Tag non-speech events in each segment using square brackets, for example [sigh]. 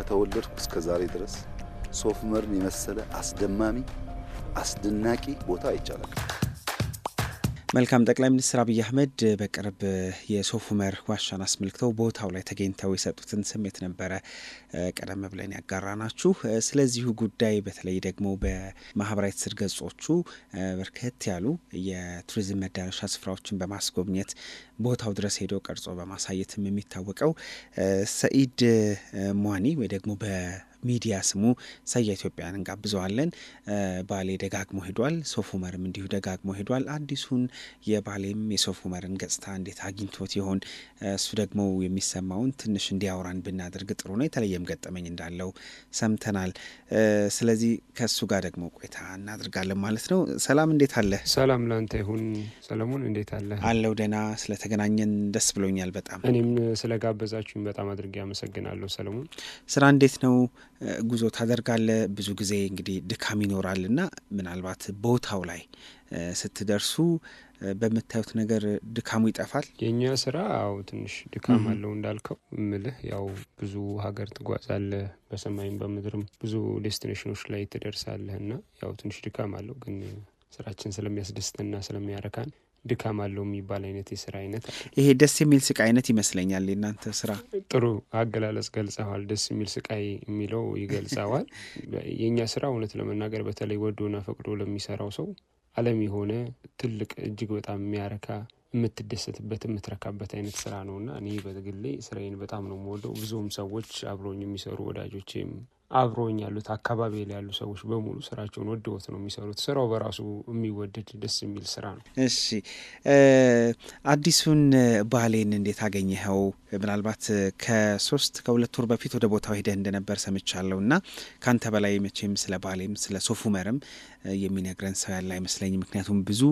ከተወለድኩ እስከ ዛሬ ድረስ ሶፍ የመሰለ አስደማሚ አስደናቂ ቦታ አይቻላል። መልካም ጠቅላይ ሚኒስትር አብይ አህመድ በቅርብ የሶፍ ዑመር ዋሻን አስመልክተው ቦታው ላይ ተገኝተው የሰጡትን ስሜት ነበረ ቀደም ብለን ያጋራ ናችሁ። ስለዚሁ ጉዳይ በተለይ ደግሞ በማህበራዊ ትስስር ገጾቹ በርከት ያሉ የቱሪዝም መዳረሻ ስፍራዎችን በማስጎብኘት ቦታው ድረስ ሄዶ ቀርጾ በማሳየትም የሚታወቀው ሰኢድ ሟኒ ወይ ደግሞ በ ሚዲያ ስሙ ሰያ ኢትዮጵያን እንጋብዘዋለን። ባሌ ደጋግሞ ሄዷል፣ ሶፍ ኡመርም እንዲሁ ደጋግሞ ሄዷል። አዲሱን የባሌም የሶፍ ኡመርን ገጽታ እንዴት አግኝቶት ይሆን? እሱ ደግሞ የሚሰማውን ትንሽ እንዲያወራን ብናደርግ ጥሩ ነው። የተለየም ገጠመኝ እንዳለው ሰምተናል። ስለዚህ ከእሱ ጋር ደግሞ ቆይታ እናደርጋለን ማለት ነው። ሰላም እንዴት አለ? ሰላም ለአንተ ይሁን ሰለሞን፣ እንዴት አለ? አለው ደህና። ስለተገናኘን ደስ ብሎኛል በጣም እኔም ስለጋበዛችሁኝ በጣም አድርጌ አመሰግናለሁ ሰለሞን። ስራ እንዴት ነው? ጉዞ ታደርጋለህ። ብዙ ጊዜ እንግዲህ ድካም ይኖራል እና ምናልባት ቦታው ላይ ስትደርሱ በምታዩት ነገር ድካሙ ይጠፋል። የእኛ ስራ ው ትንሽ ድካም አለው እንዳልከው ምልህ ያው ብዙ ሀገር ትጓዛለህ፣ በሰማይም በምድርም ብዙ ዴስቲኔሽኖች ላይ ትደርሳለህ እና ያው ትንሽ ድካም አለው ግን ስራችን ስለሚያስደስተንና ስለሚያረካን ድካም አለው የሚባል አይነት የስራ አይነት ይሄ ደስ የሚል ስቃይ አይነት ይመስለኛል። የእናንተ ስራ ጥሩ አገላለጽ ገልጸዋል። ደስ የሚል ስቃይ የሚለው ይገልጸዋል። [laughs] የእኛ ስራ እውነት ለመናገር በተለይ ወዶና ፈቅዶ ለሚሰራው ሰው አለም የሆነ ትልቅ እጅግ በጣም የሚያረካ የምትደሰትበት የምትረካበት አይነት ስራ ነው እና እኔ በግሌ ስራዬን በጣም ነው የምወደው። ብዙም ሰዎች አብሮኝ የሚሰሩ ወዳጆቼም አብሮኝ ያሉት አካባቢ ላይ ያሉ ሰዎች በሙሉ ስራቸውን ወደወት ነው የሚሰሩት። ስራው በራሱ የሚወደድ ደስ የሚል ስራ ነው። እሺ፣ አዲሱን ባሌን እንዴት አገኘኸው? ምናልባት ከሶስት ከሁለት ወር በፊት ወደ ቦታው ሄደህ እንደነበር ሰምቻለሁ እና ከአንተ በላይ መቼም ስለ ባሌም ስለ ሶፉመርም የሚነግረን ሰው ያለ አይመስለኝ። ምክንያቱም ብዙ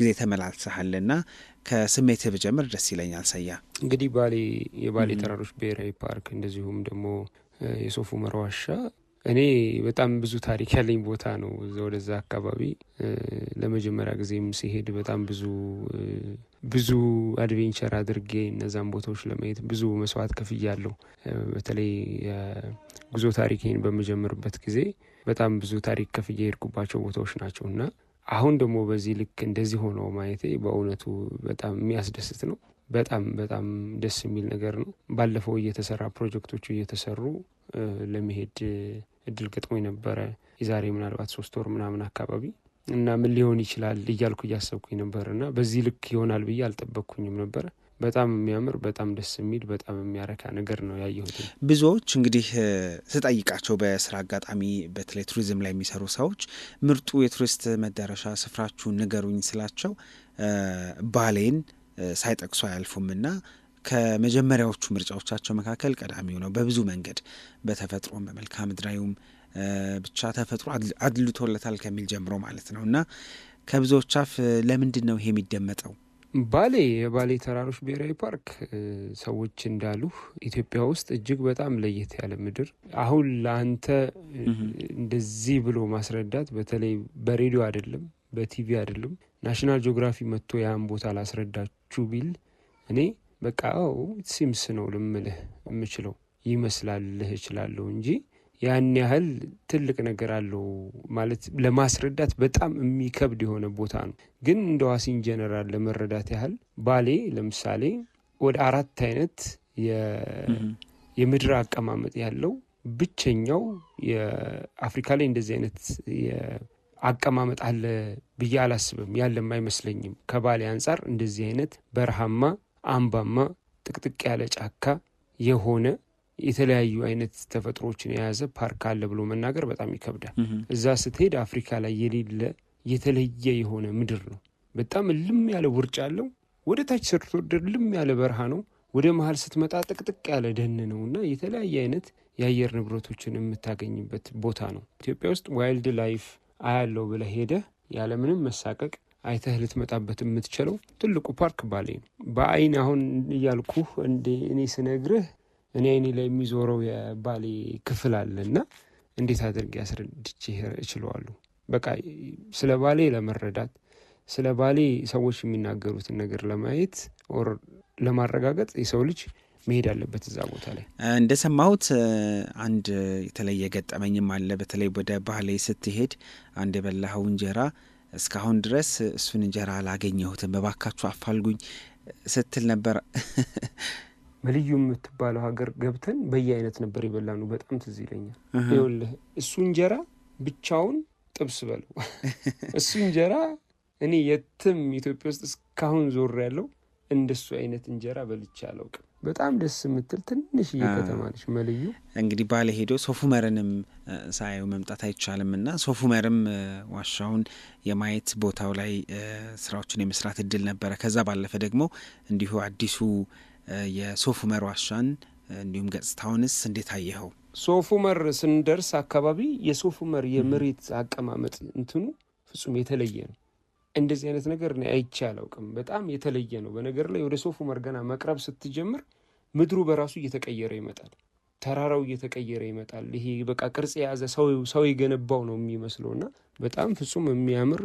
ጊዜ ተመላልሰሃልና ከስሜት ብጀምር ደስ ይለኛል። ሰያ እንግዲህ ባሌ የባሌ ተራሮች ብሔራዊ ፓርክ እንደዚሁም ደግሞ የሶፍ ዑመር ዋሻ እኔ በጣም ብዙ ታሪክ ያለኝ ቦታ ነው። ወደዛ አካባቢ ለመጀመሪያ ጊዜም ሲሄድ በጣም ብዙ ብዙ አድቬንቸር አድርጌ እነዛን ቦታዎች ለማየት ብዙ መስዋዕት ከፍያለሁ። በተለይ ጉዞ ታሪክን በምጀምርበት ጊዜ በጣም ብዙ ታሪክ ከፍዬ የሄድኩባቸው ቦታዎች ናቸው እና አሁን ደግሞ በዚህ ልክ እንደዚህ ሆነው ማየቴ በእውነቱ በጣም የሚያስደስት ነው። በጣም በጣም ደስ የሚል ነገር ነው። ባለፈው እየተሰራ ፕሮጀክቶቹ እየተሰሩ ለመሄድ እድል ገጥሞ የነበረ የዛሬ ምናልባት ሶስት ወር ምናምን አካባቢ እና ምን ሊሆን ይችላል እያልኩ እያሰብኩኝ ነበር እና በዚህ ልክ ይሆናል ብዬ አልጠበቅኩኝም ነበረ። በጣም የሚያምር በጣም ደስ የሚል በጣም የሚያረካ ነገር ነው ያየሁት። ብዙዎች እንግዲህ ስጠይቃቸው በስራ አጋጣሚ በተለይ ቱሪዝም ላይ የሚሰሩ ሰዎች ምርጡ የቱሪስት መዳረሻ ስፍራችሁን ንገሩኝ ስላቸው ባሌን ሳይጠቅሱ አያልፉምና ከመጀመሪያዎቹ ምርጫዎቻቸው መካከል ቀዳሚው ነው። በብዙ መንገድ በተፈጥሮም በመልክዓ ምድራዊውም ብቻ ተፈጥሮ አድልቶለታል ከሚል ጀምሮ ማለት ነው እና ከብዙዎች አፍ ለምንድን ነው ይሄ የሚደመጠው? ባሌ የባሌ ተራሮች ብሔራዊ ፓርክ ሰዎች እንዳሉ ኢትዮጵያ ውስጥ እጅግ በጣም ለየት ያለ ምድር። አሁን ለአንተ እንደዚህ ብሎ ማስረዳት በተለይ በሬዲዮ አይደለም፣ በቲቪ አይደለም፣ ናሽናል ጂኦግራፊ መጥቶ ያን ቦታ ላስረዳችሁ ቢል እኔ በቃ ው ሲምስ ነው ልምልህ የምችለው ይመስላልህ እችላለሁ እንጂ ያን ያህል ትልቅ ነገር አለው ማለት ለማስረዳት በጣም የሚከብድ የሆነ ቦታ ነው። ግን እንደ ዋሲን ጀነራል ለመረዳት ያህል ባሌ ለምሳሌ ወደ አራት አይነት የምድር አቀማመጥ ያለው ብቸኛው የአፍሪካ ላይ እንደዚህ አይነት አቀማመጥ አለ ብዬ አላስብም። ያለም አይመስለኝም። ከባሌ አንጻር እንደዚህ አይነት በረሃማ፣ አምባማ፣ ጥቅጥቅ ያለ ጫካ የሆነ የተለያዩ አይነት ተፈጥሮዎችን የያዘ ፓርክ አለ ብሎ መናገር በጣም ይከብዳል። እዛ ስትሄድ አፍሪካ ላይ የሌለ የተለየ የሆነ ምድር ነው። በጣም ልም ያለ ውርጭ አለው። ወደ ታች ሰርቶ ልም ያለ በረሃ ነው። ወደ መሀል ስትመጣ ጥቅጥቅ ያለ ደን ነው እና የተለያየ አይነት የአየር ንብረቶችን የምታገኝበት ቦታ ነው። ኢትዮጵያ ውስጥ ዋይልድ ላይፍ አያለው ብለህ ሄደህ ያለምንም መሳቀቅ አይተህ ልትመጣበት የምትችለው ትልቁ ፓርክ ባሌ ነው። በአይን አሁን እያልኩህ እንዴ እኔ ስነግርህ እኔ አይኔ ላይ የሚዞረው የባሌ ክፍል አለና እንዴት አድርጌ አስረድቼ እችለዋለሁ? በቃ ስለ ባሌ ለመረዳት ስለ ባሌ ሰዎች የሚናገሩትን ነገር ለማየት ኦር ለማረጋገጥ የሰው ልጅ መሄድ አለበት እዛ ቦታ ላይ። እንደሰማሁት አንድ የተለየ ገጠመኝም አለ። በተለይ ወደ ባህሌ ስትሄድ አንድ የበላኸው እንጀራ እስካሁን ድረስ እሱን እንጀራ አላገኘሁትም በባካችሁ አፋልጉኝ ስትል ነበር። [laughs] በልዩ የምትባለው ሀገር ገብተን በየአይነት ነበር የበላ ነው። በጣም ትዝ ይለኛል። ይኸውልህ እሱ እንጀራ ብቻውን ጥብስ በለው [laughs] እሱ እንጀራ እኔ የትም ኢትዮጵያ ውስጥ እስካሁን ዞር ያለው እንደሱ አይነት እንጀራ በልቻ አላውቅም። በጣም ደስ የምትል ትንሽ ከተማ ነች መልዩ። እንግዲህ ባለ ሄዶ ሶፉመርንም ሳየው መምጣት አይቻልም እና ሶፉመርም ዋሻውን የማየት ቦታው ላይ ስራዎችን የመስራት እድል ነበረ። ከዛ ባለፈ ደግሞ እንዲሁ አዲሱ የሶፉመር ዋሻን እንዲሁም ገጽታውንስ እንዴት አየኸው? ሶፉመር ስንደርስ አካባቢ የሶፉመር የመሬት አቀማመጥ እንትኑ ፍጹም የተለየ ነው። እንደዚህ አይነት ነገር እኔ አይቼ አላውቅም። በጣም የተለየ ነው። በነገር ላይ ወደ ሶፉ መርገና መቅረብ ስትጀምር ምድሩ በራሱ እየተቀየረ ይመጣል። ተራራው እየተቀየረ ይመጣል። ይሄ በቃ ቅርጽ የያዘ ሰው የገነባው ነው የሚመስለው እና በጣም ፍጹም የሚያምር